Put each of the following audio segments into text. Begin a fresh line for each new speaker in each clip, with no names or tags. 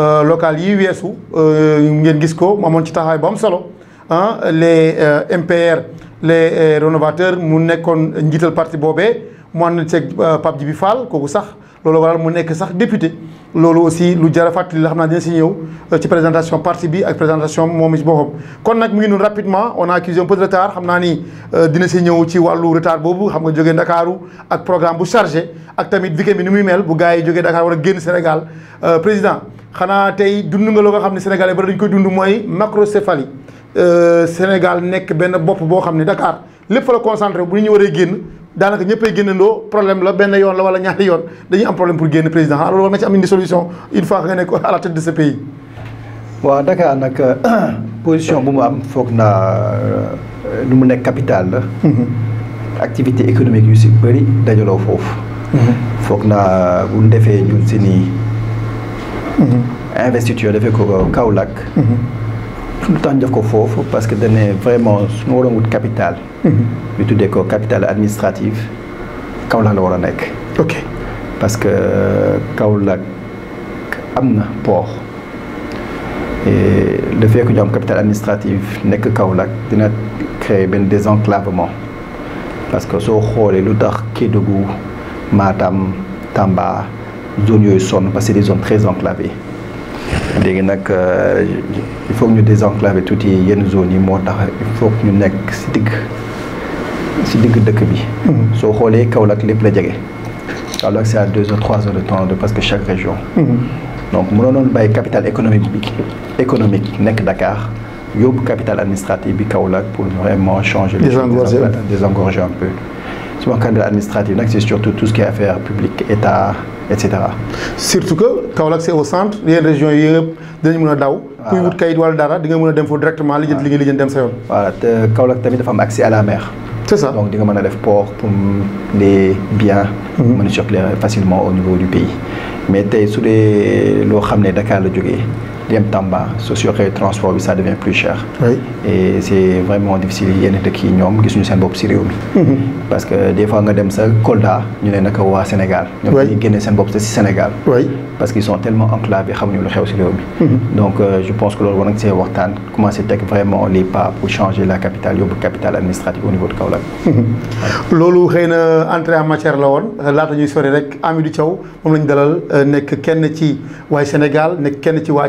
Euh, local yi weesu euh, ngeen gis ko mo amoon ci taxay bam solo hein les euh, MPR les rénovateurs mu nekkoon njital parti bobé mo ànd ceeg Pape Djibi Fall kooku sax lolo waral mu nekk sax député lolo aussi lu jara a la xamna dina si ñëw ci présentation parti bi ak présentation moom si kon nak mu ngi noonu rapidement on a accusé un peu de retard xamna ni dina si ñëw ci wàllu retard bobu xam nga jógee Ndakaaru ak programme bu chargé ak tamit weekend bi ni muy mel bu gaay yi Dakar wala a génn Sénégal président xanaa tey dund nga loo nga xam ne sénégalais bari dañ koy dund mooy macrocéphalie euh, Sénégal nekk benn bopp boo xam ne Dakar lépp fa la concentré bu ñu waree génn daanaka ñëppay génnandoo problème la benn yoon la wala ñaari yoon dañuy am problème pour génn président alors loolu nga ci am une solution une fois nga nekk à la tête de ce
pays. waaw Dakar nag euh, position bu mu am foog naa euh, lu mu nekk capital la. Mm-hmm. activité économique yu si bëri dajaloo foofu. Mm-hmm. foog naa bu ñu defee ñun si nii. Mm-hmm. investiture defee ko Kaolack mm-hmm. lu tax ñu def ko foofu parce que dane vraiment suñu waroon wut capital mm-hmm. ñu tuddee ko capital administrative Kaolack la war a ok parce que euh, Kaolack am na port et le fait que ñu am capital administrative nekk Kaolack dina créer des désenclavement parce que soo xoolee lu tax Kédougou Matam Tamba Zones parce c'est des zones très enclavées euh, il faut que nous désenclaver toutes les zones il faut que nous nous si digg si digg dëkk bi. Mm-hmm. soo de Kaolack alors la c'est à 2 ou trois heures de temps de presque chaque région.
Mm-hmm.
donc nous avons bàyyi capitale économique économique nek Dakar Yob capitale administrative pour vraiment changer. les choses, désengorger un peu. souvent administrative administratif, c'est surtout tout ce qui est affaires publiques, état etc. surtout que Kaolack c'est au centre les régions directement. accès à la mer. c'est ça donc on port pour les biens. Mhm. facilement au niveau du pays mais sous les dee loo Dakar dem Tamba socio yokkee transport ça devient plus cher. et c'est vraiment difficile yenn ki ñom gis ñu sen bopp si réew mhm. parce que des fois nga dem sa Kolda ñu ne naka wa Sénégal. ñoom dañuy génne seen bopp si Sénégal. oui parce qu'ils sont tellement enclavés xamuñu lu xew si mhm. donc euh, je pense que lolu war c'est see commencer tek vraiment les pas pour changer la capitale yóbbu capitale administrative au niveau de Kaolack. Mhm.
lolu xeyna entre entrée en matière la woon laata ñuy sori rek Hamidou Thiaw moom la ñu dalal euh, nek kenn ci Sénégal nek kenn ci wa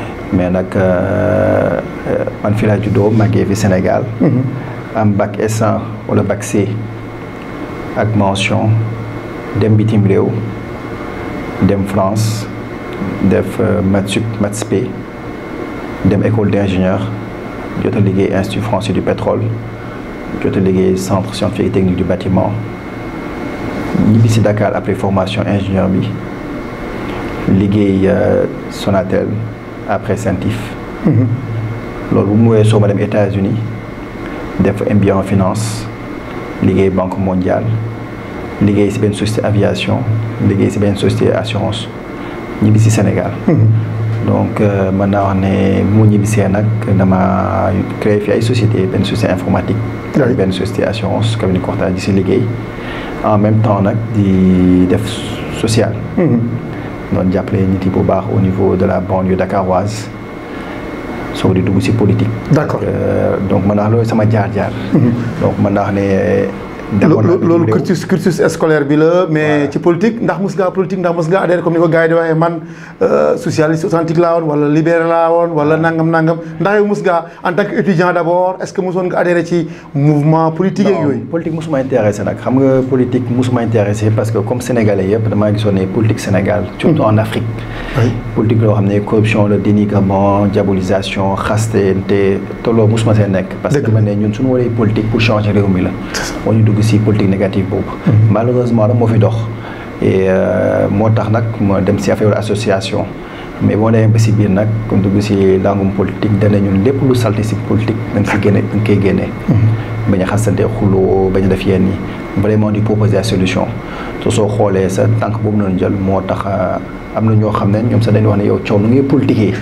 mais un euh, euh, man fi la Judo, màggee fi Sénégal. Mhm. am bac S1 wala bac C ak mention dem bitim rew dem France def euh, matup sup dem école d'ingénieur jot ligué institut français du pétrole de ligué centre scientifique et technique du bâtiment de si Dakar après formation ingénieur bi liggéey Sonatel après Centif mhm. loolu bu mu États-Unis def MBA en finance les banque mondiale les ci sociétés société aviation les sociétés d'assurance, société assurance Sénégal mhm. donc maintenant, nous sommes au Sénégal créé fi société benn société informatique une société assurance comme nous courtage ici en même temps des di def social mhm nous avons appelé Niti Bobar au niveau de la banlieue dakaroise sur les dugg politique. d'accord donc mon suis wax loolu sama mhm.
donc mon naa wax loolu cursus cursus scolaire bi la mais ci politique ndax mos nga politique ndax mos nga adhérer comme ni ko gars yi di waxee man euh, socialiste authentique la won wala libéral la won wala nangam nangam ndax yow mos ngaa en tant que étudiant d' est ce que mosoon nga adhérer ci mouvement
politique yoy yooyu politique mosuma intéressé nak xam nga politique mosuma intéressé parce que comme sénégalais yépp dama gisoon ne politique Sénégal surtout en Afrique politique lo xamné corruption le dénigrement diabolisation xaste te loolu mosuma sé nek parce que mané ñun suñu wolé politique pour changer réew mi la aussi politique négative boobu mhm. malheureusement da fi dox et euh, motax nak nag ma dem ci affaire association mais boo demee ba si biir nag comme dugg si langum politique dana ñun lépp lu salte ci politique dañ si génne dañ koy génnee mhm. baña xassante xulu baña bañ a def yenn yi vraiment di proposer la solution to so xolé sa tank bobu non jël motax euh, amna ño xamné ñom sa ne wax ni yow coow nu ngay politiquer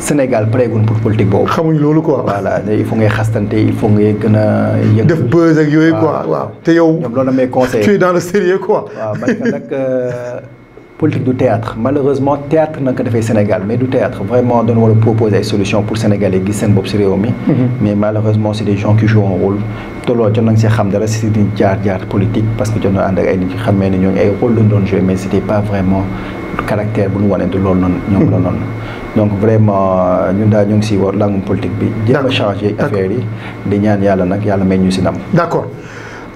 Sénégal pareegul pour politique boobu. xamuñ lolu quoi. voilà il faut ngay xastante il faut ngay gëna a. yëngu def buzz ak yoy quoi. waaw te yow. ñom loolu la conseil tu es dans
le sérieux quoi. waaw parce que
nag euh, politique du théâtre malheureusement théâtre nak défé Sénégal mais du théâtre vraiment dañu wala proposer solution solutions pour Sénégalais gis seen bopp réew mi. Mm-hmm. mais malheureusement c'est des gens qui jouent un rôle. te ci nang nañ xam dara C'est di jaar jaar politique parce que jonne and ak ay nit xamé ni ne ay rôle lañ jouer mais c'était pas vraiment caractère bu ñu de du non, non, ñoom la donc vraiment ñun da ñu ngi si war langue politique bi. d' changer jéem affaire yi di ñaan yalla nak yalla may ñu ci nam
d'accord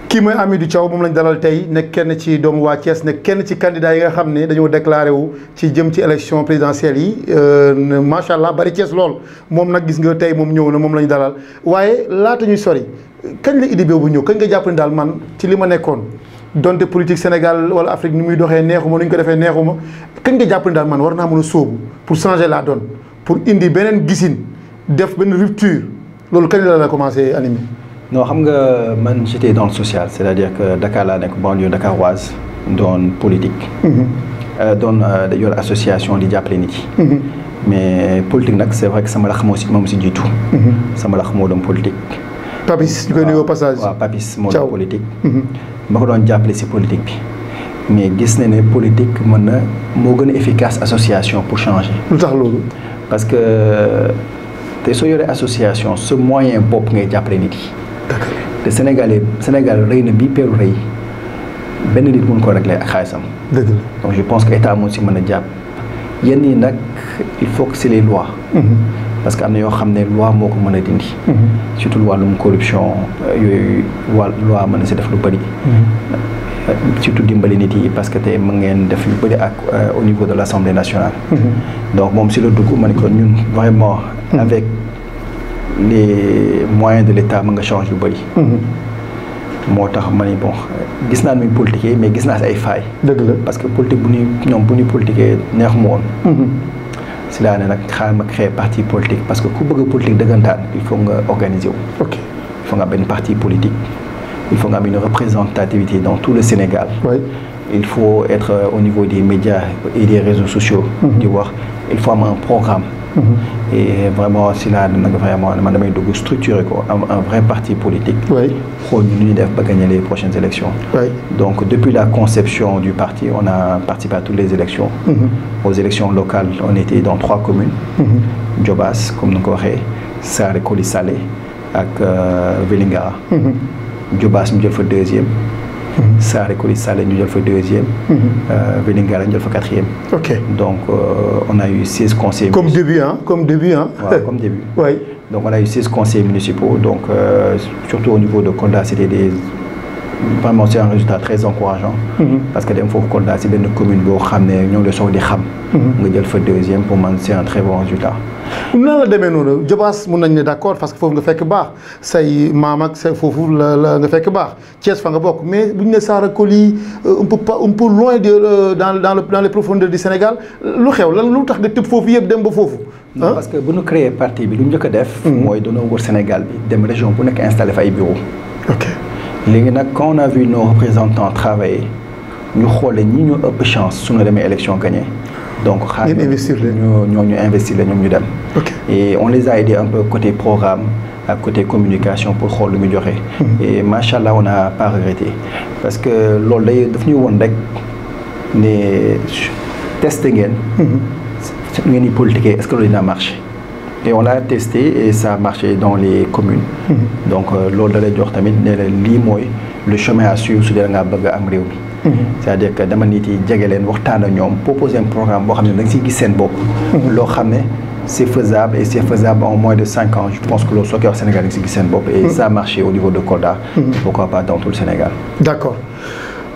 ki kii mooy Hamidou Thiaw moom lañ dalal tay nek kenn ci doomu wa Thiès nek kenn ci candidat yi nga xam ne déclarer déclaré wu ci jëm ci élection présidentielle yi sha euh, allah bari Thiès lool mom nak gis nga tay mom ñëw na mom lañ dalal waye la ñuy sori kañ la idée boobu ñëw kañ nga jàpp ne daal man ci lima nekkone donte politique Sénégal ou Afrique ni muy doxee neexuma nu ñu ko defee neexuma kañ nga jàpp ne daal man war naa mën a pour changer la donne pour indi beneen
gisin def benn rupture loolu kañ la la commencé animé. non xam nga man j'étais dans le social c'est-à-dire que Dakar n'est nekk banlieue dakaroise donne politique. Mhm. Euh, doon euh, d'ailleurs association di jàppale mhm. mais politique c'est vrai que sama la xamoo si moom si jiitu. Mhm. sama la xamoo doon politique papis ñu koy au passage waaw papis moo doon politique je mhm. ko doon jàppale si politiques. bi mais gis na ne politique mën na moo efficace association pour changer lu parce que te soo yoree association ce moyen bopp ngay jàppale nit D'accord. te Sénégalais Sénégal rëy na bii peeru rëy benn nit mun ko régler donc je pense que état mun si mën a yenn yi il faut que c'est les lois mhm parce que am na yoo xam ne loi moo ko mën a dindi. Mm-hmm. surtout wàllum corruption euh, yooyu wa loi mën na si def lu bëri. Mm-hmm. surtout dimbali nit yi parce que tey mën ngeen def lu ak euh, au niveau de l'Assemblée nationale. Mm-hmm. donc moom si le dugg ma ko ñun vraiment. avec les moyens de l'État, état mën nga change lu bëri. moo tax ma ni bon gis naa nu muy mais gis naa si ay failles. dëgg la parce que politique bu ñuy ñoom bu ñuy politiquer neex mu woon. Cela là ne un parti politique parce que ku bëgg politique dëggantaan il faut organiser ok il faut avoir un parti politique il faut avoir une représentativité dans tout le Sénégal. il faut être euh, au niveau des médias et des réseaux sociaux. Mhm. il faut avoir un programme. Mhm. et vraiment si nous avons vraiment structuré structurer un vrai parti politique. pour que nous pas gagner les prochaines élections. donc depuis la conception du parti on a participé à toutes les élections. Mhm. aux élections locales on était dans trois communes. Mhm. Djobas, comme nous ko waxee avec Koli Salé ak euh, Djobas, Diobass deuxième. Mhm. Saré Colis Salé nous fait deuxième, mhm. euh, Vélingara nous fait quatrième. Ok. Donc euh, on a eu 16 conseils Comme
début, hein Comme début, hein ouais,
Comme début. Oui. Donc on a eu 16 conseils municipaux. Donc euh, surtout au niveau de Conda, c'était des vraiment c'est un résultat très encourageant. Mhm. parce que dem foofu Kolda c'est benn commune boo xam nous ñoo ngi lay soog di xam. Mhm. nga jël fa deuxième pour man c'est un très bon résultat.
non la demee je pense mon nañ ne d'accord parce que foofu nga fekk baax say c'est ak say foofu la la nga fekk baax Thiès fa nga bokk mais bu ne ne pas Coly euh, un peu pas un peu loin de euh, dans
dans dans les profondeurs du Sénégal lu xew lan lu tax nga tëb foofu yëpp dem ba non hein? parce que nous créer créé parti bi lu njëkk a def. Mhm. mooy dañoo wër Sénégal bi dem région bu nekk installer fa bureau ok quand on a vu nos représentants travailler nous avons eu une chance de gagner élection élections. donc nous, ñu investir et on les a aidés un peu côté programme à côté communication pour nous améliorer. Mhm. et machallah on n'a pas regretté parce que nous day daf ñuy rek ne testé ngeen. Mhm. ngeen politique. est-ce que ça a marché et on l'a testé et ça a marché dans les communes. Mhm. donc euh, l'eau de jox tamit la le chemin à suivre sous les ngaa mhm. c'est-à-dire que dama nit yi jege leen un programme pour xam da mhm. c'est faisable et c'est faisable en moins de cinq ans je pense que le soccer sénégalais Sénégal c'est faisable et ça a marché au niveau de Kolda. pourquoi pas dans tout le Sénégal.
d'accord.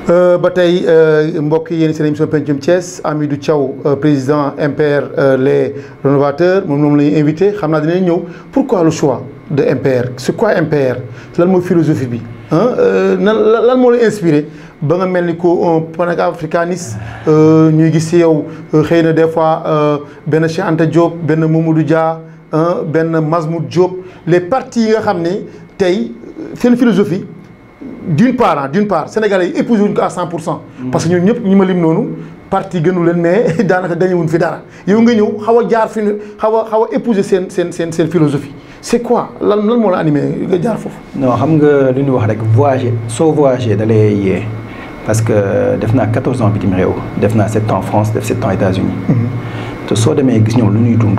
Euh, ba tey euh, mbokk yéen seen émission pencum Thiès du Thiaw euh, président MPR les rénovateurs moom moom la ñuy invité xam naa dinañ pourquoi le choix de MPR c'est quoi MPR lan mooy philosophie bi hein? nan lan moo la inspiré ba nga mel ni ko un panafricaniste ñuy gis si yow xëy des fois benn Cheikh Anta Diop ben Mamadou Dia hein, benn Mazmoud Diop les partis yi nga xam ne tey seen philosophie d'une part hein, d'une part sénégalais yi épouse wuñ ko à 100 mm. parce que ñun ñëpp ñi ma lim noonu parti gënu leen mais daanaka dañewuñ fi dara yow nga ñëw xaw a jaar fi ñu xaw a xaw a épouser cette
seen seen seen philosophie c'est quoi lan lan moo la animé jaar foofu. non xam nga li ñu wax rek voyager soo voyager da lay yee parce que euh, def 14 ans bitim réew def sept ans en France def 7 ans États-Unis mm-hmm. te soo demee gis ñoom lu ñuy dund.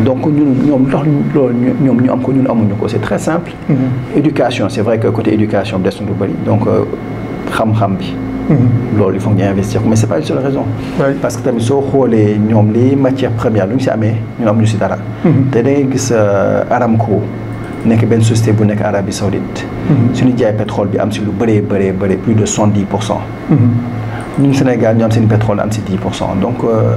donc ñun avons c'est très simple. Mm-hmm. éducation c'est vrai que côté éducation donc nous euh, mm-hmm. il faut investir mais c'est pas la seule raison. parce que nous avons une matière première nous ñu Nous avons nous avons Arabie Saoudite. Mm-hmm. pétrole bi am plus de Sénégal pétrole am donc. Euh,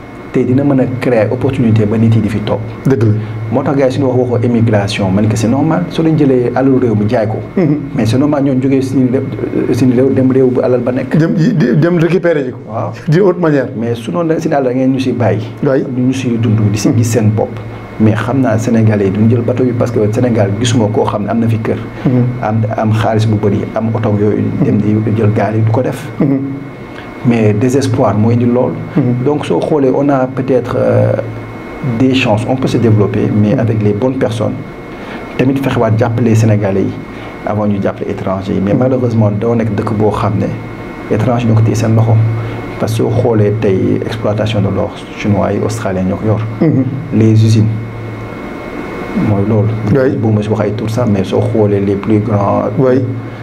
te dina mën a créer opportunité ba nit yi di fi toog. moo tax gars yi suñu wax waxoo émigration man que c' est normal soo leen jëlee alalu réew mi jaay ko. Mm-hmm. mais c' est normal ñoom jógee suñu réew suñu réew dem réew bu alal ba nekk. dem dem récupérer ji waaw d' autre mais su noonu la seen alal ngeen ñu si bàyyi. waay ñu si dund di si gis seen bopp. mais xam naa Sénégalais yi duñ jël bato bi parce que Sénégal gisuma koo xam ne am na fi kër. Mm-hmm. am am xaalis bu bëri am oto yooyu. dem di jël gaal yi du ko def. Mm-hmm. mais désespoir moyen du lol mhm. donc ce rôle on a peut-être euh, des chances on peut se développer mais mhm. avec les bonnes personnes tamit wat jappelé Sénégalais avant ñu étrangers. étranger mais mhm. malheureusement do nek dëkk bo xamné étrangers étranger ñoo ko parce que soo tay exploitation de l'or chinois et australien les usines. moy lol bu ma si wax ay tour ça mais so xoolee
les plus grands. oui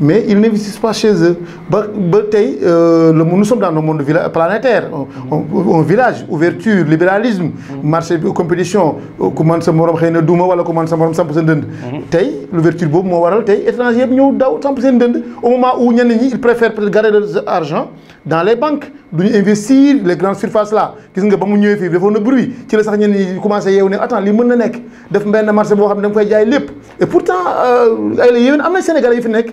mais ils n'investissent pas chez eux. Euh, nous sommes dans le monde planétaire, un, village, ouverture, libéralisme, marché, compétition, euh, comment ça m'a fait douma ou comment ça m'a fait Tay, l'ouverture bob mo waral tay étrangers ñeu daw 100% dund au moment où ñen ñi ils préfèrent garder leur argent dans les banques, duñu investir les grandes surfaces là. Gis nga ba mu ñëwé fi defo na bruit, ci la sax y ñi commencé yew né attends li mën na nek def ben marché bo xamné dang fay jaay lepp. Et pourtant euh ay yeen amna sénégalais yi fi nek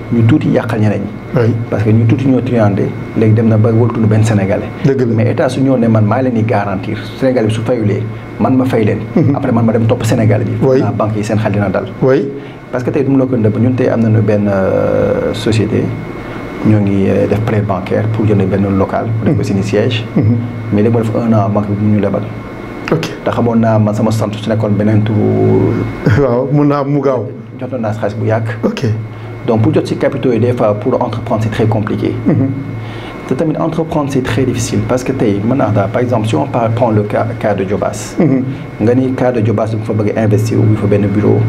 ñu tuuti yàqal ñeneñ parce que ñu tuuti ñoo triandé légui dem na ba wëltuñu ben sénégalais mais état su ñoo né man ma leen di garantir sénégalais su fayulé man ma fay leen mhm. après man ma dem top sénégalais bi naa banque yi seen xel dina dal parce que tay duma mu la ko ndëbb ñun tay amna nañu ben société ñoo ngi euh, def prêt bancaire pour jënd ben local pour def ko mhm. seeni siège mhm. mais léegi ma def un an banque ñu lebal ok ta xamoon naa man sama sant su nekkoon beneen tur waaw mun naa mu gaaw jotoon naa xaalis bu yàgg ok donc pour jot capital capitaux yi des fois pour entreprendre c'est très compliqué mhm. te tamit entreprendre c'est très difficile parce que tey mën par exemple si on parle prend le cas de Diobass mhm. nga ni cas de Jobas il faut bien investir faut bien un bureau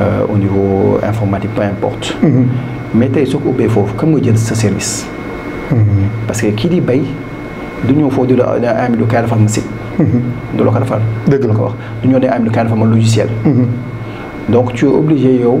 euh, au niveau informatique peu importe mhm. mais t'es sur ko ubbee comme kan mooy jël sa service parce que qui di bay du faut foofu di la am de kaay dafa am site du le faire. defal dëgg la ko wax du ñëw ne am lu kaay dafa am logiciel donc tu es obligé yow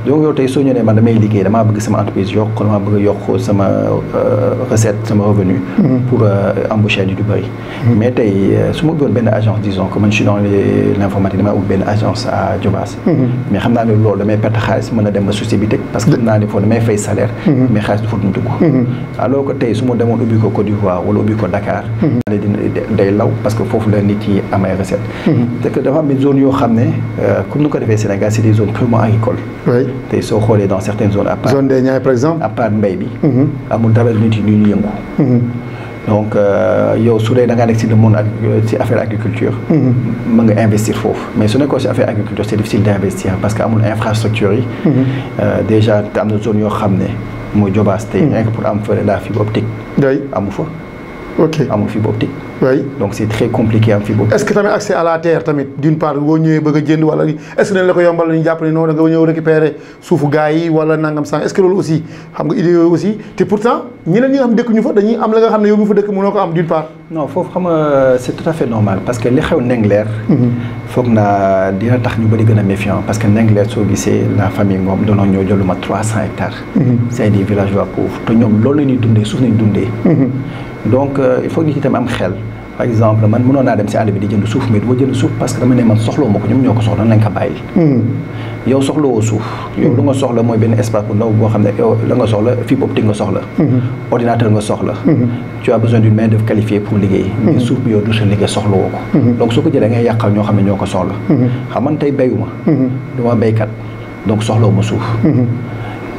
donc yow tey soo né man damay liggéey dama bëgg sama entreprise yokk damaa bëgg yokk sama euh, recette sama revenu. Mm-hmm. pour euh, embaucher ñu du bëri. Mm-hmm. mais tay euh, su ma ubbiwoon benn agence disons comme je suis dans l' informatique ou ben agence à Diobass. Mm-hmm. mais xam naa ne loolu damay perte xaalis mën a dem ba société bi teg parce que xam naa ne foofu damay fay salaire. mais xaalis du fa duñ dugg. alors que tey su ma demoon ubbi ko Côte d'Ivoire wala ubbi ko Dakar. dina day law parce que foofu la nit yi am recette. recettes. te que dafa am zone yoo xam ne comme ni ko defee Sénégal c' est des zones purement agricoles et soo dans certaines zones à part zone des par exemple à part mbay mm-hmm. À amul dara nit yi donc euh, si vous dee da ngaa nekk si le monde ak euh, si affaire agriculture mm-hmm. mën investir foofu mais su nekkoon si affaire agriculture l'agriculture, c'est difficile d'investir parce que amul infrastructure yi mm-hmm. euh, déjà dans am zones zone yoo xam ne mooy rien que pour am la fibre optique amu fa ok amul fibre optique. oui donc c'est très compliqué en fibre optique. est ce que tamit accès à la terre
tamit D'une part boo ñëwee bëgg a jënd wala est ce que dañ la ko yombal la ñu jàpp ne noonu da nga ñëw récupérer suufu gars yi wala nangam sang est ce que loolu aussi xam nga idée aussi
te pourtant ñeneen ñi nga xam dëkk ñu fa dañuy am la nga xam ne yow mi fa dëkk mënoo ko am d'une part. non foofu xam c'est tout à fait normal parce que li xew Ndingler. Mhm. foog naa dina tax ñu bëri gën a méfiant parce que Ndingler soo gisee la famille Ngom doon ñoo jëluma 300 hectares. Mhm. C'est des villageois pauvres te ñoom loolu la ñuy dundé, suuf la dundé. dundee mhm donc euh, il faut que ñi tamit am xel par exemple man mënoon naa dem ci àll bi di jënd suuf mais du ma jënd suuf parce que dama ne man soxloo ma ko ñoom ñoo ko soxla nañ ko bàyyi. Hmm. yow soxlawoo suuf. yow lu nga soxla moy ben espace bu ndaw bo xamné yow la nga soxla fi fibre optique nga soxla. Hmm. ordinateur nga soxla. Hmm. tu as besoin d'une main d'œuvre qualifiée pour liguey mais suuf bi yow du sa liggéey soxlawoo ko. donc soo ko jëlee ngay yaqal ñoo xamné ñoko ñoo ko soxla. xam man tey béyu ma. du ma béykat donc soxlawuma suuf.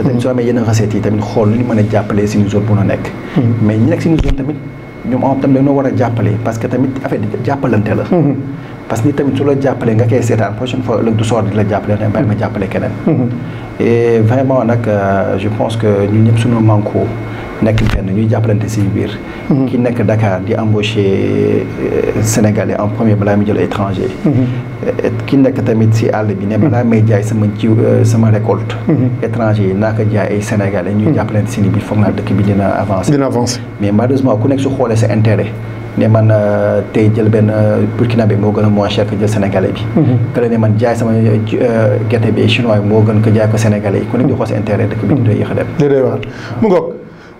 te tamit soo amee yenn recettes yi tamit xool lu ñu mën a jàppalee suñu bu nu nekk. Mm-hmm. mais ñi nekk suñu zone tamit ñoom am tamit dañoo war a jàppale parce que tamit affaire jàppalante la. Mm-hmm. parce que ni tamit su la jàppalee nga koy seetaan prochaine fois ëllëg du soor la jàppale ne bàyyi ma jàppale keneen. Mm-hmm. et vraiment nag euh, je pense que ñun ñëpp suñu manko nek fenn ñuy jappalante ci biir. Mhm. ki nek Dakar di embauché euh, Sénégalais en premier balaa muy jël étranger. Mhm. ki nek tamit ci àll bi ne mhm. balaa may jaay sama ci euh, sama récolte. étranger naka naa jaay ay Sénégalais ñuy jappalante ci biir foog naa dëkk bi dina avancer dina avancer mais malheureusement ku nek su xoolee sa intérêt. ne man euh, tey jël benn burkina bi moo gën a moins cher que jël sénégalais bi. que la ne man jaay sama gerte bi chinois bi moo gën ko jaay ko sénégalais yi ku nekk di xool intérêt dëkk bi di doy yéex a dem.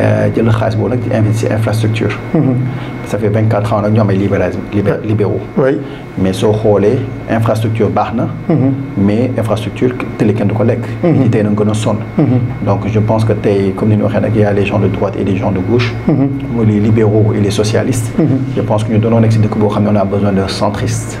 Euh, jël xaalis boobu nag di investir infrastructure. Mhm. ça fait 24 ans que nous ay libéraux. oui mais soo xoolee infrastructure baax mhm. mais infrastructure télé kenn du ko lekk. ñi mhm. tey nañ donc je pense que comme ni ñu waxee les gens de droite et les gens de gauche. les libéraux et les socialistes. je pense que nous avons on a besoin de centristes.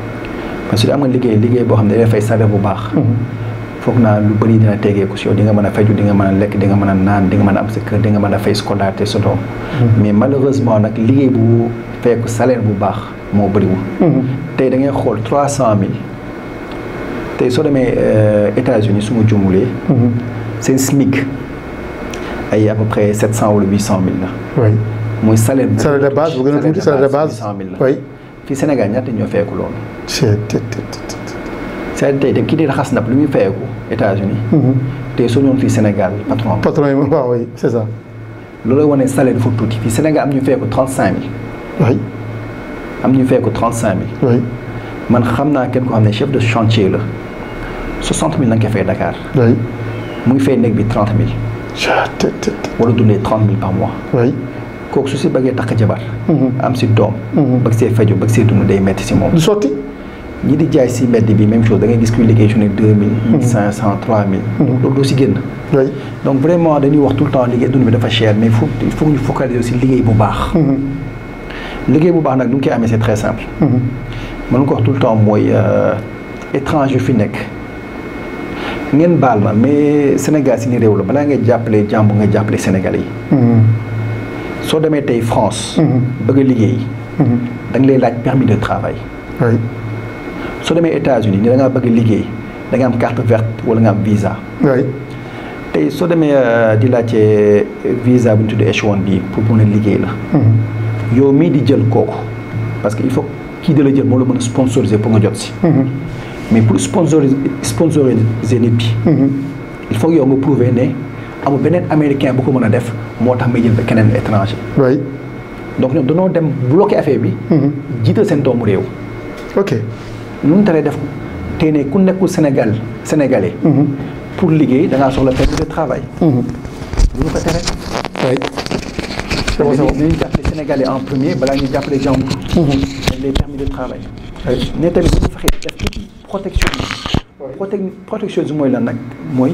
parce que am nga liggéey liggéey boo xam ne dafay fay salaire bu baax. Mhm. foog naa lu bëri dina tegeeku si yow di nga mën a faju di nga a lekk di nga mën a naan di nga mën a am sa kër di nga mën a fay scolarité sa doom. Mhm. mais malheureusement nag liggéey bu fekku salaire bu baax moo bëriwul. Mhm. tey da ngay xool trois cent mille tey soo demee euh, États-Unis su ma jumulee. seen SMIC ay à peu près sept cent wala huit cent mille la. oui muy de base bu gën a tuuti salaire de base. Si le Sénégal fait un colon. C'est un colon. C'est un que Qui est le plus faible aux États-Unis? Les Sénégalais. Les Sénégalais, c'est ça. Le colon est installé au football. Si le Sénégal fait un colon 35 000. Il fait un colon de 35 000. Je sais que je suis chef de chantier. 60 000 ont fait Dakar. Oui. fais un colon 30 000. Je vais donner 30 000 par mois kooku su si tak jabar mhm. am si doom mhm. bëgg see faju bëgg see dund day metti si mom du sotti ni di jay si mbedd bi même chose da ngay gis kuy liggéey su ne deux mille mhm. mille cinq si génn donc vraiment dañuy wax tout le temps liggéey dund bi dafa cher mais faut il faut ñu focaliser si liggéey bu baax liggéey bu baax nak du nga amé c'est très simple man ko wax tout le temps moy euh, étranger fi nek ngeen balma mais Sénégal ci ni réew la balaa ngay jàppale jambu nga jàppale Sénégalais soo demee tey France. Mhm. bëgg a liggéey. Mhm. da nga lay laaj permis de travail. oui soo demee États-Unis ni da ngaa bëgg a liggéey da nga am carte verte wala nga am visa. oui tey soo demee euh, di laajte euh, visa bu ñu tuddee H1B bi pour mun a liggéey la. Mhm. yow mii di jël kooku parce que il faut kii de la jël moo la mën a sponsoriser pour nga jot si. mais pour sponsoriser sponsoriser nit bi. il faut yow nga prouver ne. Amou beneen américain bu ko mën def motax may jël ba keneen étranger. oui donc ñoom dañoo dem bloqué affaire bi. Mm-hmm. jité sen doomu réew. ok nu mu def ko te ku nekkul Sénégal sénégalais. Mm-hmm. pour liggéey da ngaa soxla permis de travail. du mm-hmm. ñu ko tere. oui. c'est bon dañuy jàppale sénégalais en premier balaa ñu jàppale jàmbur. les permis de travail. oui ne tamit bu ñu fexee def tuuti protection bi. protection bi mooy lan nag mooy.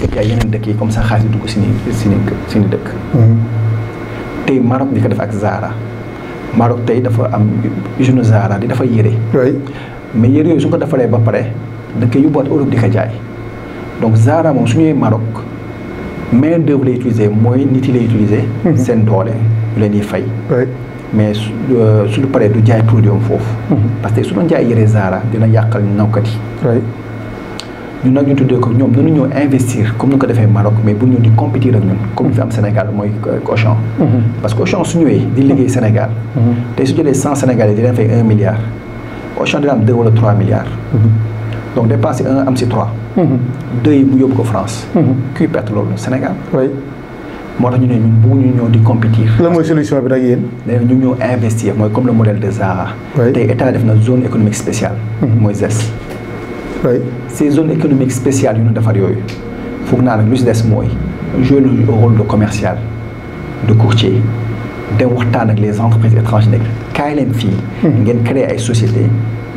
yaay yeneen dëkk yi comme ça xaalis dugg si ni si ni si ni dëkk mm-hmm. tey Maroc di ko def ak Zara Maroc tey dafa am usine Zara di dafa yére mais yére yooyu su ko defaree ba pare da koy yóbbuwaat Europe di ko jaay donc Zara moom su ñëwee Maroc main d'œuvre lay utiliser mooy nit la lay mm-hmm. seen doole ñu leen di fay mais su lu euh, paree du jaay produit foofu mm-hmm. parce que su doon jaay yére Zara dina yàqal nawkat yi Nous avons tous Nous investir comme nous fait au Maroc mais nous ñu compétir comme nous comme fait Sénégal mooy cochon euh, mhm. parce que si nous ñëwee di Sénégal les mhm. su Sénégalais di leen fait 1 milliard nous dina fait 2 ou 3 milliards mhm. donc dépensé un am deux yi Nous yóbbu ko France Qui pète le Sénégal Oui. Moi, ñu Sénégal. ñun nous ñëw compétir. La devons solution investir comme le modèle de Zara. tey état def une zone économique spéciale ces zones économiques spéciales nous devons faire. yooyu foog nous jouer le rôle de commercial de courtier de les entreprises étrangères Quand kaay leen hmm. créer ay sociétés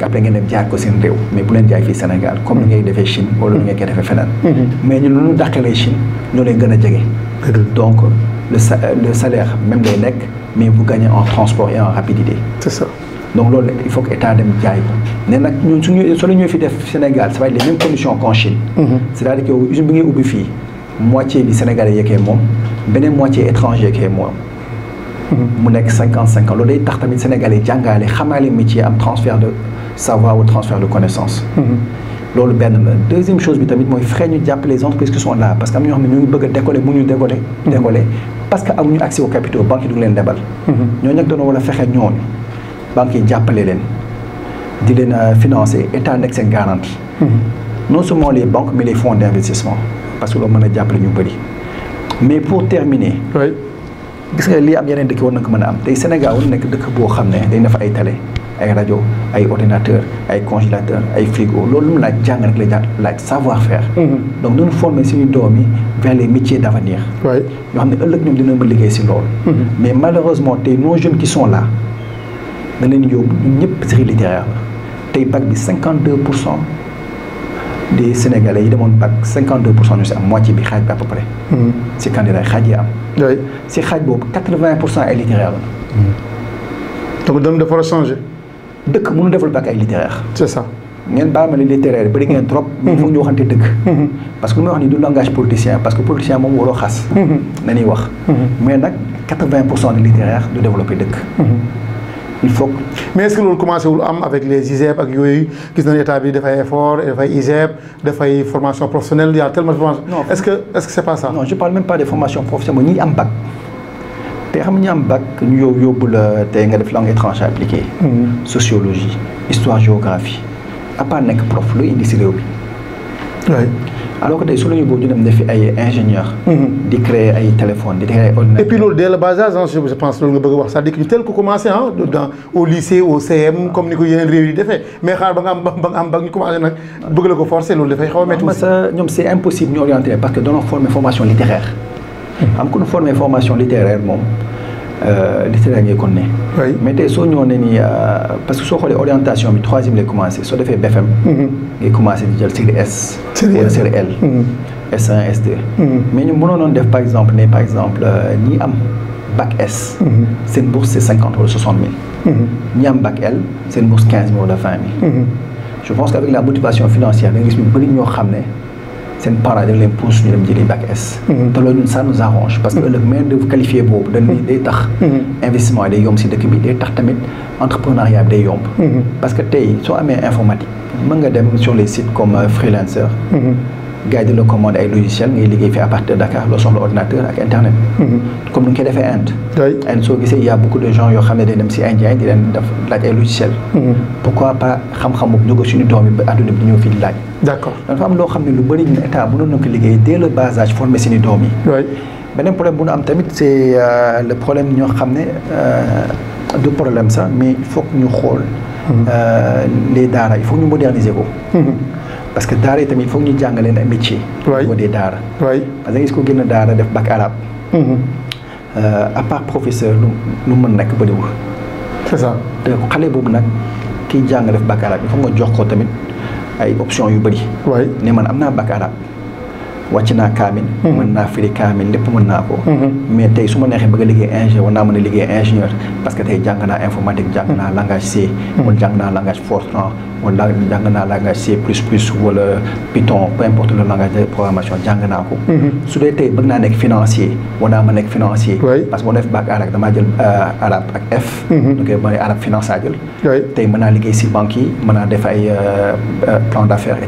après ngeen dem jaar ko seen un mais pour leen jaay Sénégal comme ni hmm. ngay des Chine ou ni ngay koy defee hmm. mais nous, lu Chine nous leen gën a donc le salaire même les NEC, mais vous gagnez en transport et en rapidité. c'est ça donc loolu il faut que état dem jaay ko ne nag ñun suñu solo ñoo fi def Sénégal ça va être les mêmes conditions qu'en Chine mhm. c'est-à-dire que usine bi ngay ubbi fii moitié bi sénégalais yekkee moom beneen moitié étranger yekkee moom mhm. mu nekk cinquante cinquante loolu day tax tamit sénégalais jàngaale xamaale métier am transfert de savoir ou transfert de connaissance mhm. loolu benn deuxième chose bi tamit mooy frais ñu jàpp les entreprises qui sont là parce que am na ñoo xam ne ñu ngi bëgg a décoller mënuñu décoller décoller parce que amuñu accès aux capitaux banques yi du leen lebal ñoo nag doona wala fexe ñooñu banques yi jàppale di leen euh, financer état nekk seen garantie. Mm-hmm. non seulement les banques mais les fonds d'investissement, parce que loolu meuna a ñu bari mais pour terminer gis nga li am yeneen dëkk war na ko mën am tay Sénégal won nek dëkk bo xamné day dañ dafa ay télé ay radio, ay ordinateur ay congélateur ay frigo loolu lu la savoir faire mm-hmm. donc nous former suñu doom yi vers les métiers d'avenir. oui yoo xam ne ëllëg ñoom dina ma liggéey si loolu mm-hmm. mais malheureusement tey nos jeunes qui sont là dans leen yóbbu a ñëpp série littéraire la tey bac bi 52 des sénégalais yi demoon bac 52 ñu ci am moitié bi xaj à peu près. ci hmm. candidat xaj yi am. oui si xaaj 80 est littéraire la. Hmm. donc nous dafa changer. dëkk mënu deful bac ay littéraire. c'est ça. ngeen baal li littéraire bari ngeen trop. Hmm. il faut ñu waxante parce que lu may wax ni du langage politicien parce que politicien moom waroo xas. na ñuy wax. mais nag 80 pour cent de littéraire du il faut
mais est-ce que l'on commençons avec les ISEP ak yooyu de nañu état bi des effort dafay ISEP des formation professionnelle il y a tellement de gens. est-ce que est-ce que c'est pas ça. non je parle même pas des formations professionnelles.
ni am bac. te un bac nous yób pour la nga def langue étrangère hmm. sociologie histoire géographie à part que prof le indi si alors que des solutions la nous ñu dem des ingénieurs ingénieur mhm. di créer ay téléphone di créer et
puis loolu dès le bas âge hein, je pense loolu nga bëgg a wax dire que ñu teel ko dans au lycée au CM comme ni y yeneen réew yi defee mais quand on a am ba nga am ba ñu commencé nag bëgg la ko forcer loolu
dafay xaw a métti aussi c'est impossible ñu orienté parce que nos former formation littéraire hmm. am ku ñu former formation littéraire mon. Euh, les mais euh, parce que troisième BFM qui commencé di S ou L S1 mm-hmm. S2 mm-hmm. mais par exemple ne par exemple ni euh, bac S une mm-hmm. bourse c'est cinquante ou ni bac L une bourse je pense qu'avec la motivation financière les c'est une dañ de pousse ñu dem les bac S. Mhm. ça nous arrange parce que mhm. le main de qualifier bob dañ ni mhm. day tax. investissement des day yomb ci dëkk bi day tax tamit parce que tay so amé informatique mën nga sur les sites comme euh, freelancer gars yi la commande ay logiciel ngay liggéey fi à partir Dakar lo soxla ordinateur ak internet. Mhm. comme ni ñu koy defee Inde. Inde soo gisee y' a beaucoup de gens yo xamné ne dañ dem si indien di len def laaj ay logiciel. Mhm. pourquoi pas xam-xam boobu ñu suñu doomi aduna bi ñeu fi di d'accord d' accord am lo xamné lu bëri ñun état bu ñu ko liggéey dès le bas âge formé seeni doom benen problème bu ñu am tamit c'est euh, le problème ñu xamné euh du problème ça mais il faut que ñu xool. Mhm. Euh, les daara il faut ñu moderniser ko. parce que daara yi tamit foog ñu jàng a ay métier. waay boo dee daara. waay parce que gis ko gën daara def bac arabe. Mm-hmm. Euh, à part professeur lu lu mën nekk bëriwul. c'est ça te xale boobu nag kiy jàng def bac arabe il nga jox ko tamit ay options yu bëri. waay ne man am naa bac arabe. wàcc naa kaamin hmm. mën naa firi kaamin lépp mën naa ko hmm. mais tey su neexee bëgg a liggéey ingénieur war naa mën a liggéey ingénieur parce que tey jàng naa informatique jàng naa langage C wala jàng naa de programmation jàng hmm. naa nekk financier war naa a nekk financier parce que boo def bac arabe damaa jël euh, arabe ak F donc ma ne arabe finance laa jël naa liggéey si banque yi naa def euh, euh, plan d'affaires et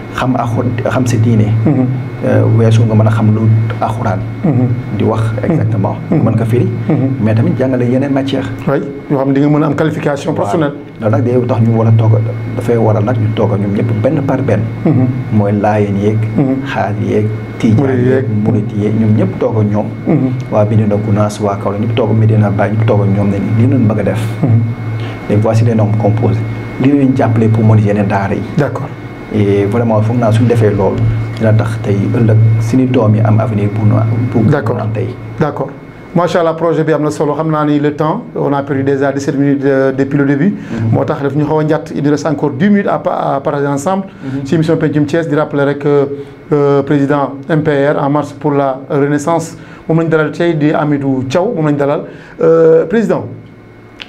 xam axu xam sa diine mm-hmm. euh, weesu nga mën a xam lu alxuraan mm-hmm. di wax exactement mm-hmm. nga mën firi mais tamit jàngale yeneen matière oui xam di nga mën am qualification personnelle loolu nag day tax ñu war a toog dafay waral nag ñu toog ñoom ñëpp benn par benn mooy laayeen yeeg xaar yeeg tijaan yeeg murit yeeg Medina ne li bëgg def voici les normes composées li ñu jàppale pour mën daara yi d'accord et vraiment foog naa que defee loolu dina tax tay ëllëg suñu am avenir pour d'accord
d'accord Moi, projet bi am na solo xamna ni le temps on a perdu déjà 17 minutes euh, depuis le début. Je suis daf ñu il reste encore 10 minutes à parler ensemble. Mhm. ci émission Pencum Thiès di que le euh, euh, président MPR en mars pour la renaissance moom dit dalal tey di Hamidou Thiaw dalal président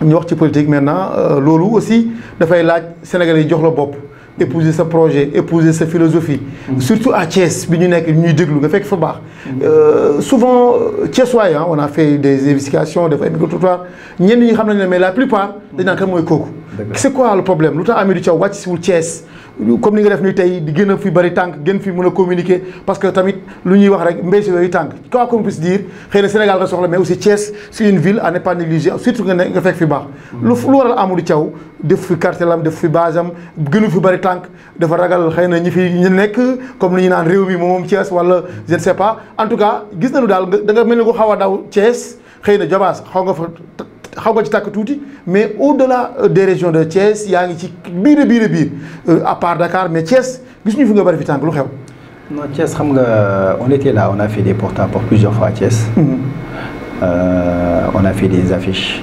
ñu wax ci politique maintenant loolu aussi la laaj Sénégalais jox la bop épouser ce projet épouser sa philosophie. surtout à Thiès nous avons fait ñuy déglu nga euh, souvent euh, Thiès hein, on a fait des investigations des fois, micro mais la plupart dañ naan kan c'est quoi le problème Nous avons du Thiaw wàcc Thiès comme ni nga def ni tey di gën a fi bëri tànk gën fi mën communiquer parce que tamit luñuy wax rek mbéy si yooyu tànk quoi qu'on puisse dire xëy Sénégal nga soxla mais aussi Thiès c'est une ville à ne pas négliger surtout nga nga fekk fi baax lu lu waral amul Thiaw def fi quartier lam def fi bazam gënu fi bari tank dafa ragal xeyna ñi fi ñi nekk comme li ñu naan réew mi mom Thiès wala je ne sais pas en tout cas gis nañu dal da nga mel ni ko xawa daw Thiès xeyna jobas xaw nga fa mais au-delà euh, des régions de Thiès Il y a biir a biir bire euh, à part Dakar mais Thiès gis ñu fi nga bari fi lu
non Thiès on était là on a fait des portes pour plusieurs fois à Thiès. Mm-hmm. Euh, on a fait des affiches.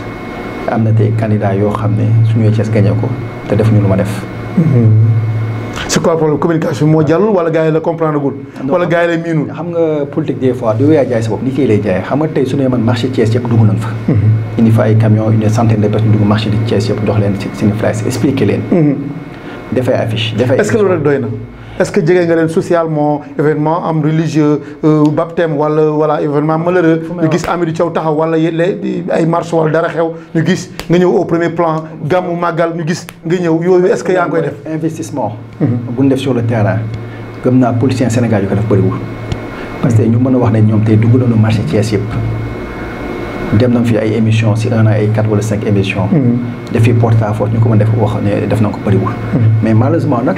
am na te candidat yoo xam ne su suñu Thiès gagné ko te def ñu lu ma def. Mhm. c'est communication moo jàll wala gars yi la comprendre gul. wala gars yi la miinul. xam nga politique des fois du yaa jaay xam nga tey su ne man marché Thiès yëpp dugg nañ fa. Mhm. indi fa ay camions une centaine de personnes dugg marché di Thiès yëpp jox leen seen i flyers expliqué leen. Mhm. dafay affiche dafay. est-ce que
loolu doy na. est-ce que jege nga socialement événement am religieux euh, baptême wala wala événement malheureux ñu gis Hamidou Thiaw taxaw wala ay marche wala dara xew ñu gis nga ñëw au premier plan gamu magal ñu gis nga ñëw yoyu est-ce que yaa ngi koy
def investissement mhm. buñ def sur le terrain comme na politicien sénégalais yu ko def wu parce que ñu mëna a wax ne ñoom tey dugg nañu marché Thiès yépp dem nañ fi ay émission si un an ay 4 wala 5 émissions. Mhm. def fi porte à porte ñu ko mëna def wax né def nañ ko wu mhm. mais malheureusement nak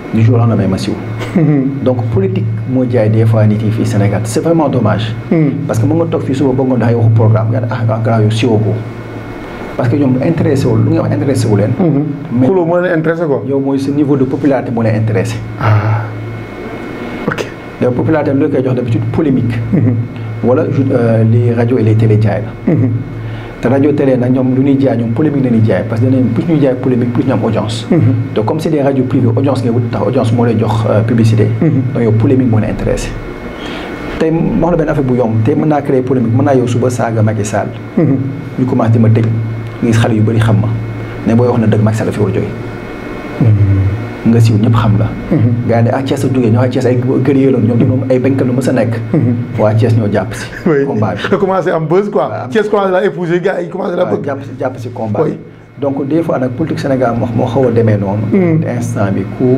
du jour au lendemain donc politique des fois vraiment dommage hmm. parce que nga je programme ah, parce que ont intéressé intéressé hmm. mais intéressé niveau de popularité qui intéressé ah ok la popularité d'habitude polémique Voilà hmm. euh, les radios et les télé te radio télé n'a ñom lu ñuy jaay ñoom polémique la ñuy jaay parce que danañ plus ñuy jaay polémique plus ñu am audience mm-hmm. donc comme c'est des radios privées audience ngay wut tax audience mo lay jox euh, publicité mm-hmm. donc yow polémique moo la intéressé tay mo wax la benn affaire bu yom tay mëna créer polémique mëna yow suba saga Macky Sall mm-hmm. ñu commencé di tej tëj nga yu bari xam ma ne boy wax na deug Macky Sall fi war joy nga siiw ñëpp xam la mm-hmm. gars yi ah Thiès a jógee ñoo waa Thiès ay kër yi ñoom ñoom ay bañkat lu mës a nekk mm-hmm. waa Thiès ñoo jàpp si combat am buzz quoi Thiès commencé la épousé gars yi commencé la bëgg jàpp si jàpp si combat donc des nag politique Sénégal moo moo xaw a demee noonu mm-hmm. instant bi ku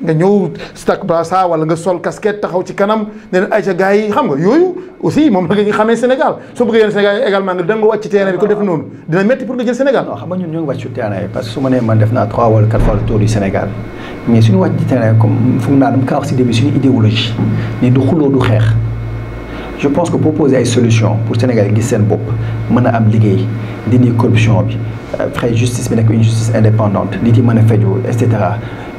nga stack brassa wala nga sol casquette taxaw ci kanam ne leen ayca gars xam nga yoyu aussi mom la nga xamé Sénégal soo bëggee yéen Sénégal également nga dem wacc wàcc terrain bi ko def non dina
metti pour nga jël Sénégal xam nga ñun ñoo ngi wàcc ci terrain parce que suma né man def na 3 wala 4 fois tour du Sénégal mais suñu wacc ci terrain comme foog naa dama kaa wax si début suñu idéologie ni du xulo du xex je pense que proposer ay solution pour Sénégal gis s'en bop mëna am liggéey dindi corruption bi euh, fexe justice bi nekk une justice indépendante nit yi mën a et cetera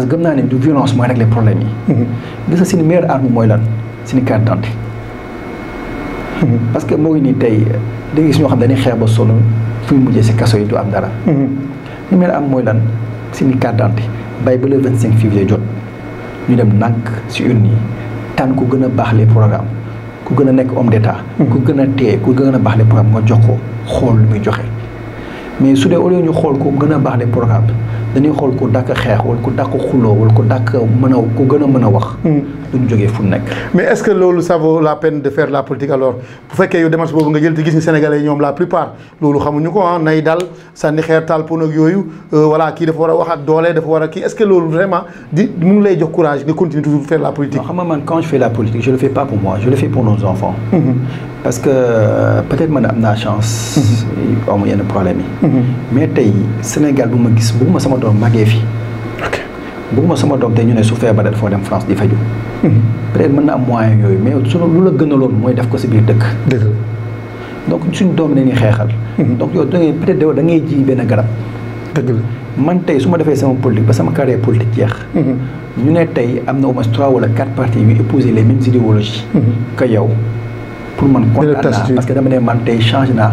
parce que gëm naa ne du violence mooy régler problème yi. gis nga suñu meilleure arme mooy lan suñu carte d'identité. parce que moo ngi nii tey da gis ñoo xam dañuy xeex ba solo fu ñu mujjee kaso yi du am dara. li meilleure arme mooy lan suñu carte d'identité bàyyi ba le 25 février jot ñu dem nànk si urne yi tànn ku gën a baax les programmes ku gën a nekk homme d'état. ku gën a téye ku gën a baax les programmes nga jox ko xool lu muy joxe mais su dee au lieu ñu ku les programmes. dañuy xool ku dàkk xeex wala ku dàkk xuloo wala ku dàkk mën a ku gën a mën a wax hmm. mais est-ce que ça vaut la
peine de faire la politique alors pour faire que
démarche boobu nga jël te
gis ni sénégalais yi la plupart loolu xamuñu ko ah nay dal sànni xeer taal pono ak yooyu euh, voilà kii dafa war a wax dafa est-ce que loolu vraiment di mu le lay courage de continuer toujours faire la politique.
quand je fais la politique je le fais pas pour moi je le fais pour nos enfants. Mm-hmm. parce que euh, peut-être man am naa chance. Mm-hmm. amu yenn problème mm-hmm. mais tey Sénégal bu ma gis bëgguma sama doom ma vie. bëgguma sama doom te ñu ne su feebaree foo dem France di faju mhm. peut-être mën na am moyen yooyu mais su lu la gënaloon mooy def ko si biir dëkk. dëgg donc suñu doom ne ñuy xeexal. Mhm. donc yow da ngay peut da ngay ji benn garab. dëgg la man tey su ma defee sama politique ba sama carrière politique jeex. Mhm. ñu ne tey am na au moins trois wala quatre partis yu épouser les mêmes idéologies. que yow pour man kontaan naa parce que dama ne man tey change naa.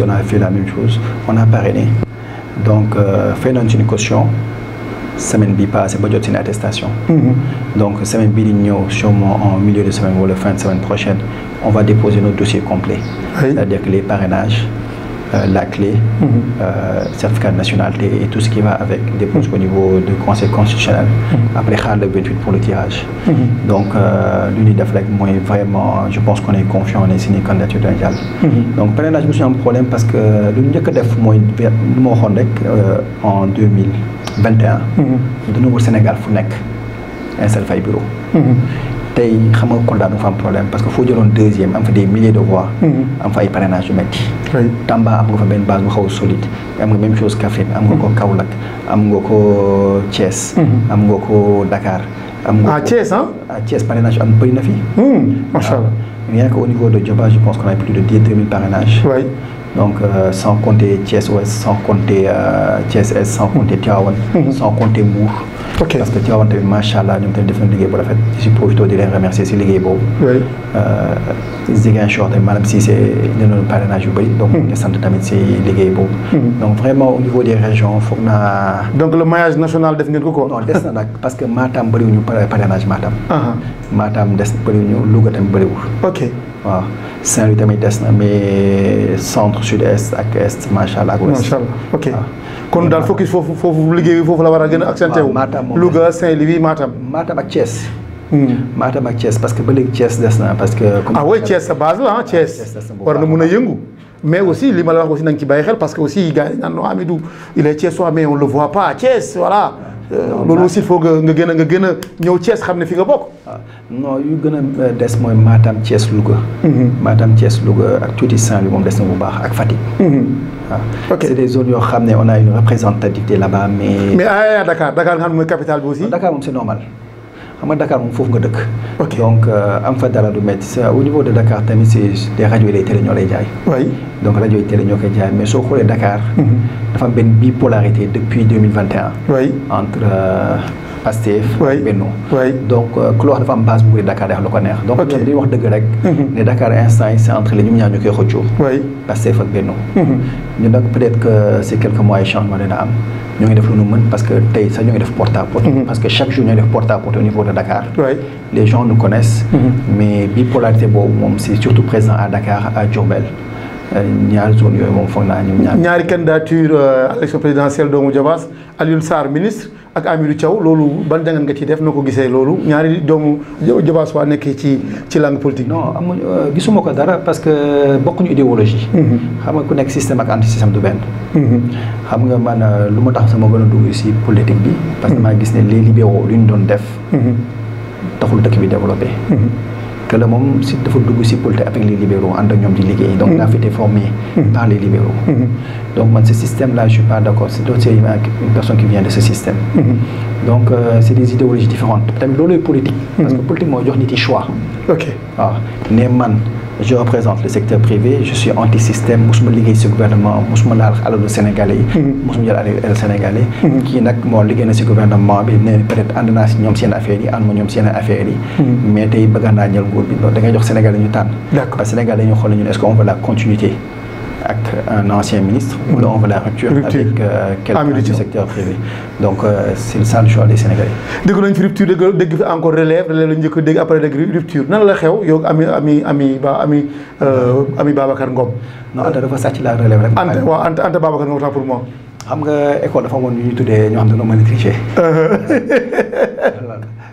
on a fait la même chose on a parrainé donc euh, fait nous une caution semaine bi c'est ba j'ai une attestation
mm-hmm.
donc semaine bi sûrement en milieu de semaine ou la fin de semaine prochaine on va déposer nos dossiers complet c'est-à-dire que les parrainages euh, la clé, le mhm. euh, certificat de nationalité et tout ce qui va avec, des postes mhm. au niveau du conseil constitutionnel. Mhm. Après, il le 28 pour le tirage. Donc, euh, moi, vraiment, je pense qu'on est confiant, on est signé candidature d'un diable. Donc, suis suis un problème parce que l'Uni d'Afrique, moi, en 2021, de nouveau Sénégal, il un seul bureau tay xam nga Kolda du am problème parce que foo jëloon deuxième am fa des milliers de voix. Mm-hmm. am fa ay parrainage yu métti. Tamba am nga fa benn base bu xaw solide. am nga même chose café, am nga ko mm-hmm. Kaolack am nga ko Thiès. Mm-hmm. am nga ko Dakar. am ah, ko ah Thiès hein, ah Thiès parrainage am bëri na fi. Mm, macha allah ah, rien qu'au niveau de Dioba je pense qu'on a plus de 10 deux mille parrainages. oui donc euh, sans compter Thiès Ouest sans compter euh, Thiès sans compter Tivaouane. sans compter Mour ok parce que Tivaouane tamit macha allah ñoom tamit def na liggéey bu rafet si profité di les remercier si liggéey boobu. euh, Ziguinchor tamit maanaam si c'est ñu doon parrainage yu bëri. donc ñu hmm. sant tamit si liggéey boobu. Hmm. donc vraiment au niveau des régions foog naa. donc le maillage national def ngeen ko quoi. non des na nag parce que Matam bëriwuñu parrainage Matam. Ah ah. Matam des bëriwuñu Louga tamit bëriwul. ok waaw Saint-Louis tamit des na mais centre sud-est ak est Machallah. allah. macha allah
ok kon daal focus foofu foofu liggéey foofu la war a gën a accenté wu Louga Saint-Louis Matam Matam ak Thiès hmm. Matam ak Thiès parce que ba léegi Thiès des na parce que ah oui Thiès sa base la ah war na mun a yëngu mais aussi li a la wax aussi ci bàyyi xel parce que aussi gars yi naan non Amidou il est Thiès mais on le voit pas à Thiès Euh, il aussi faut que nga gën nga
ah, non il y a euh, des madame Thiès Louga. Mhm. madame Thiès Louga ak moom mhm. ah, c'est des zones où on a une représentativité là-bas mais. mais
d'accord, d'accord. Dakar capital aussi. c'est normal
xam Dakar mo foofu nga deuk ok donc euh, am fa dara du métti euh, au niveau de Dakar tamit c'est des rajo et lay télé ñoo lay jaay. oui donc radio et télé ñoo koy jaay mais so xolé Dakar. Mhm. dafa ben bipolarité depuis 2021 oui entre euh, Pastef. oui Benno. oui donc ku la dafa am base bu Dakar def wax lu ko neex. donc ñoom dañuy wax deug rek. Mhm. ne Dakar instant yi c' est entre les ñoom ñaar ñu koy oui Pastef ak Benno. Mhm. ñu nak peut être que c'est quelques mois échange changement dina am. Nous ngi def lu parce que tey sax def porte à porte. Mhm. parce que chaque jour ñoo def porte à porte au niveau de Dakar. les gens nous connaissent. Mhm. mais bipolarité boobu c'est surtout présent à Dakar à Diourbel. Euh, ñaari zone yooyu moom foog naa ñu
ñaari candidature euh, présidentielle doomu Moujabas, Alioune Sarr ministre. ak Amidou Thiaw loolu ban dangan nga ci def noo ko gisee loolu ñaari doomu Jobaas waa nekkee
ci ci langue politique. non amuñ euh, gisuma ko dara parce que bokkuñu idéologie. Mm-hmm. xam nga ku nekk système ak anti système du benn. Mm-hmm. xam nga man euh, tax sama dugg politique bi. parce que mm-hmm. maa gis ne les libéraux li doon def. taxul dëkk bi développé. que même moom si dafa dugg si avec les libéraux ànd ak donc on été formé par les libéraux. Mm-hmm. donc man ce système là je suis pas d'accord c'est une personne qui vient de ce système. Mm-hmm. donc euh, c'est des idéologies différentes tamit loolu politique. parce que mm-hmm. politique moo jox nit yi choix. ok waaw man je représente le secteur privé je suis anti système mosuma liggéey ce gouvernement mosuma laal alalu sénégalais yi mhm. mosuma jël alalu sénégalais qui mhm. kii nag moo liggéey na ce gouvernement bi ne peut être ànd naa si ñoom seen affaires yi ànd ma ñoom seen affaires yi mhm. mais tey bëgg naa jël nguur bi da ngay jox sénégalais ñu tànn parce sénégalais ñu xool ñun est-ce qu'on veut la continuité un ancien ministre ou on veut la rupture, avec euh, ah, du secteur privé. Donc euh, c'est choix des Sénégalais.
rupture dès encore relève relève la rupture ami ami ami ami euh, ami Babacar non
la relève Babacar pour moi. école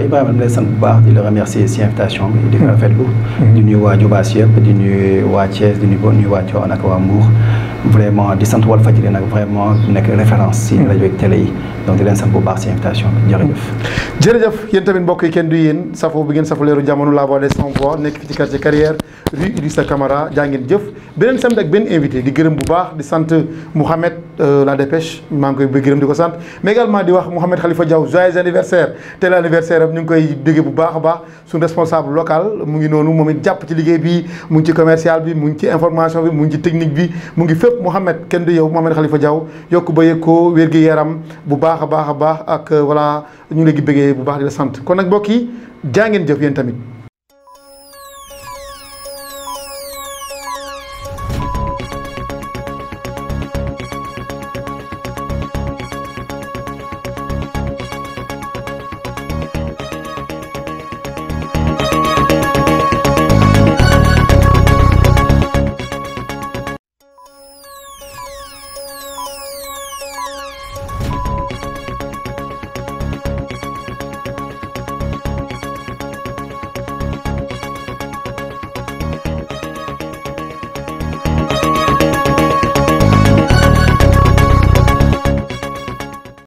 ibrahim Ibrahima di la de bu baax di remercier si invitation bi di ko rafetlu mhm. di nuyu waa Diobass yëpp di nuyu waa Thiès di nuyu waa Tivaouane ak waa Mbour vraiment di sant Walfadjri est vraiment une référence si mhm. radio télé yi donc di leen sant bu baax si invitation bi jërëjëf
jërëjëf tamine tamit mbokk yi kenn du yéen safo bi ngeen safo leeru jamono la voix des sans voix nekk fi ci quartier carrière rue Idrissa Camara jangine ngeen benen sam samedi ben invité di gërëm bu baax di sante euh, Mouhamed euh, La Dépêche mang ngi koy gërëm di ko sante mais également di wax Mouhamed Khalifa Diaw joyeux anniversaire tel anniversaire Yaram ñu ngi koy déggee bu baax a baax suñu responsable local mu ngi noonu moom it jàpp ci liggéey bi mu ngi ci commercial bi mu ngi ci information bi mu ngi ci technique bi mu ngi fépp Mouhamed kenn du yow Mouhamed Khalifa Diaw yokk ba yëg ko wér-gi yaram bu baax a baax a baax ak voilà ñu léegi bëggee bu baax di la sant kon nag mbokk yi jaa ngeen jëf yéen tamit